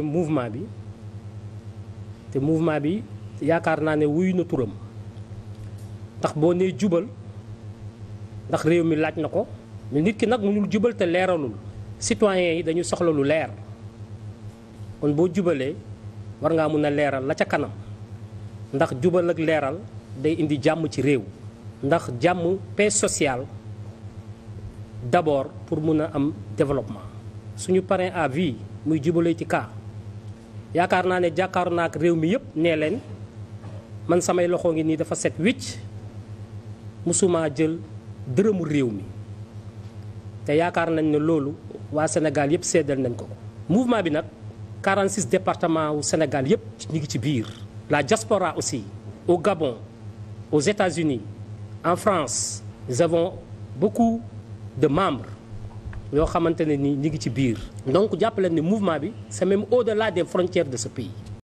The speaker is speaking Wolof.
mouvement bi te mouvement bi yaakaar naa ne wuyu na turam ndax boo nee jubal ndax réew mi laaj na ko mais nit ki nag mënul jubal te leeralul citoyens yi dañu soxla lu leer kon boo jubalee war ngaa mun a leeral la ca kanam ndax jubal ak leeral day indi jàmm ci réew ndax jàmm paix sociale d'abord pour mun a am développement suñu parrain à vie muy jubalee ci cas yaakaar naa ne jàkkaar naa ak réew mi yëpp nee leen man samay loxo ngi nii dafa set wicc musuma jël dërëmu réew mi te yaakaar nañ ne loolu waa Sénégal yëpp seddal nañ ko mouvement bi nag 46 départements wu Sénégal yëpp ñu ngi ci biir la diaspora aussi au Gabon aux États-Unis en France nous avons beaucoup de membre yoo xamante ne ni ñi ngi ci biir donc jàppale ne mouvement bi c'est même au-delà des frontières de ce pays